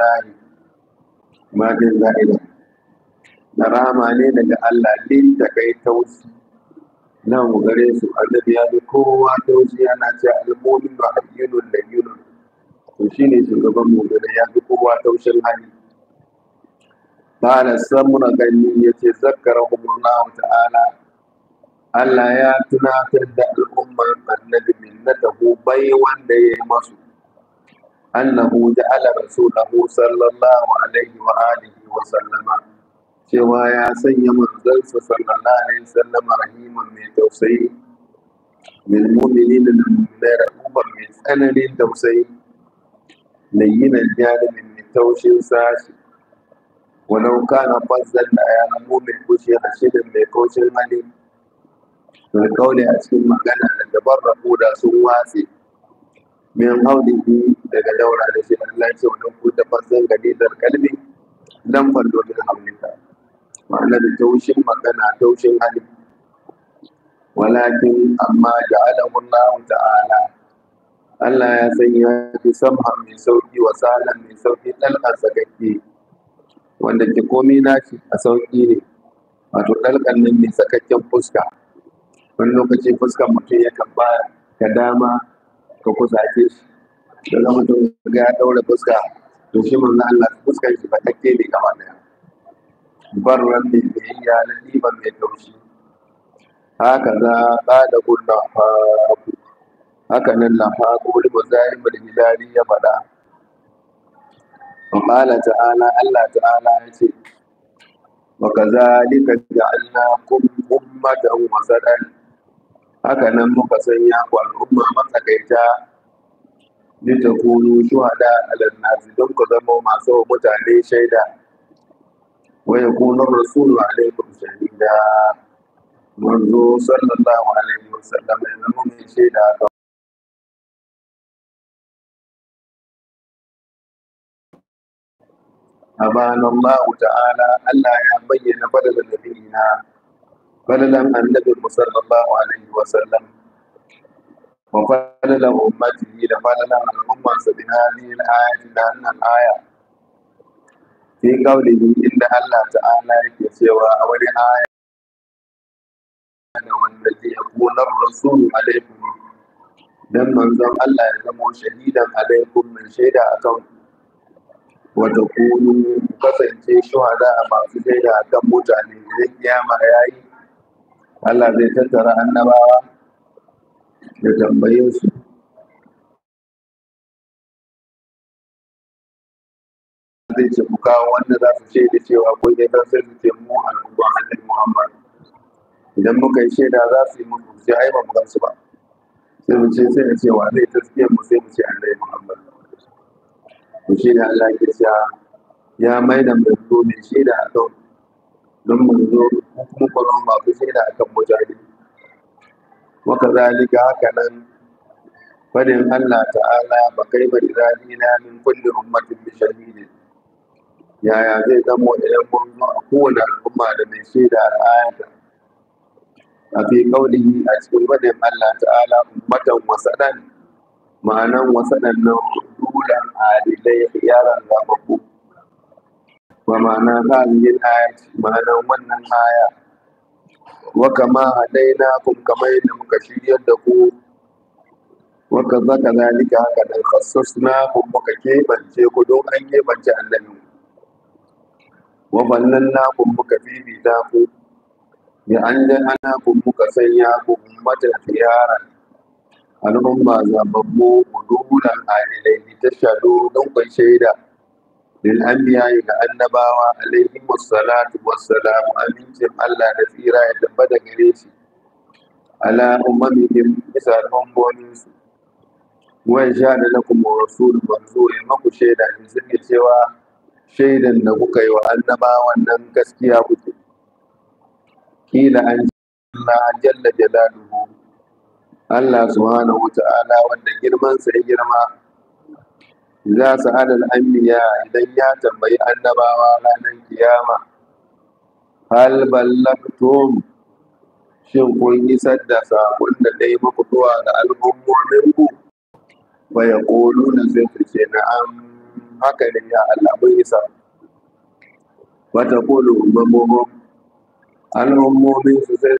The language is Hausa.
lahi magin za'ila na rama ne daga Allah din da kai tausi nan gare su annabi ya ji kowa tausi yana ce almumin wa hayyunun da yunun to shine shugaban mu gare ya ji kowa taushin hali qala samuna gani yace zakkarahu Allah ta'ala Allah ya tunatar da al'ummar annabi minnatahu bai wanda ya yi masu annahu ja'ala rasulahu sallallahu alaihi wa alihi wa sallama cewa ya sanya manzansa sallallahu alaihi wa sallama rahiman mai tausayi lil mu'minina da mu'minai rahuman mai tsananin tausayi layyinan jalimin mai taushin sashi ولو كان فظا لأيام مؤمن كشي رشيدا mai كوش الملك بالقول أسكن مكانا لتبرقوا لا سواسي min haulihi daga daura da shi Allah ya ce wa ku da fasin gani da kalbi dan fando min haulika ma'ana da taushin magana taushin hali walakin amma ja'alahu Allah ta'ala Allah ya sanya fi samhan mai sauki wa salan mai sauki dalka sakakke wanda ke komai nashi a sauki ne wato dalkan nan ne sakakken fuska wani lokaci fuskan mutum yakan ba ka dama ka kusace shi da zama to ga ya daura fuska to shi na Allah fuskar shi ba take ne gaba bar rabbi bi biyya laliban mai taushi haka za ba da kullu fa haka nan lafaku wani mazari mai hilali ya faɗa Allah ta'ala Allah ta'ala ya ce wa kazalika kum ummatan wasadan haka nan muka sanya ku al'umma matsakaita litakunu shuhada alal nasi don ku zama masu mutane shaida wa yakunu rasulu alaikum shahida manzo sallallahu alaihi wasallam ya zama mai shaida ga Allah الله تعالى ألا يبين بدل نبينا falalan annabin musallallahu alaihi wasallam wa falalan ummatihi da falalan al'ummarsa bi hadhihi al da annan aya fi qawlihi inda Allah ta'ala yake cewa a wani aya da wanda ke yakunar rasul alaikum dan manzon Allah ya zama shahidan alaikum mai shaida akan wa takunu kasance shuhada a masu shaida akan mutane idan kiyama yayi Allah zai tattara annabawa da tambaye su zai ce ku kawo wanda za su shaida cewa ko ne zan sai su ce mu al'umma annabi Muhammad idan muka yi shaida za su yi mutu sai ai ba mu gansu ba sai mu ce sai da cewa zai taskiyar mu sai mu ce rai Muhammad to shi da Allah ke cewa ya mai da mai mai shaida a kan don mu zo kuma kwanon ba ku shaida a waka zalika haka nan fadin Allah ta'ala ba kai ba na min kulli ummatin bi yaya zai zamo idan mun a kowane al'umma da mai shaida al'ayata a fi kaulihi a cikin fadin Allah ta'ala ummatan wasadan ma'anan wasadan nan yaran wannan aya wa kama hadaina kum kamar yadda muka shiryar da ku wa kaza kadhalika haka dan khassasna kum muka kebance ku don an kebance annabi wa ballanna kum muka bibita ku ya an da ana kum muka sanya ku ummatan khiyaran al'umma zababbu udulan adilai ta shado don kun shaida للأنبياء كأنبا عليهم الصلاة والسلام أمين جم الله نزيرا يتبدا غريشي على أممهم مثال أمونيس وإن شاء لكم رسول منزول مكو شيدا إنسان يتشوى شيدا نبوكي وأنبا وأنن كسكيا بكي قيل أن الله جل جلاله الله سبحانه وتعالى وأن جرمان سيجرمان za su adal anbiya idan ya tambayi annabawa ranar kiyama hal ballaktum shin kun isar da saƙon da dai muku zuwa ga ku ba ya ƙolu na zai su ce na an haka ne ya Allah mun isa wata ƙolu umarmomon al'ummomin su sai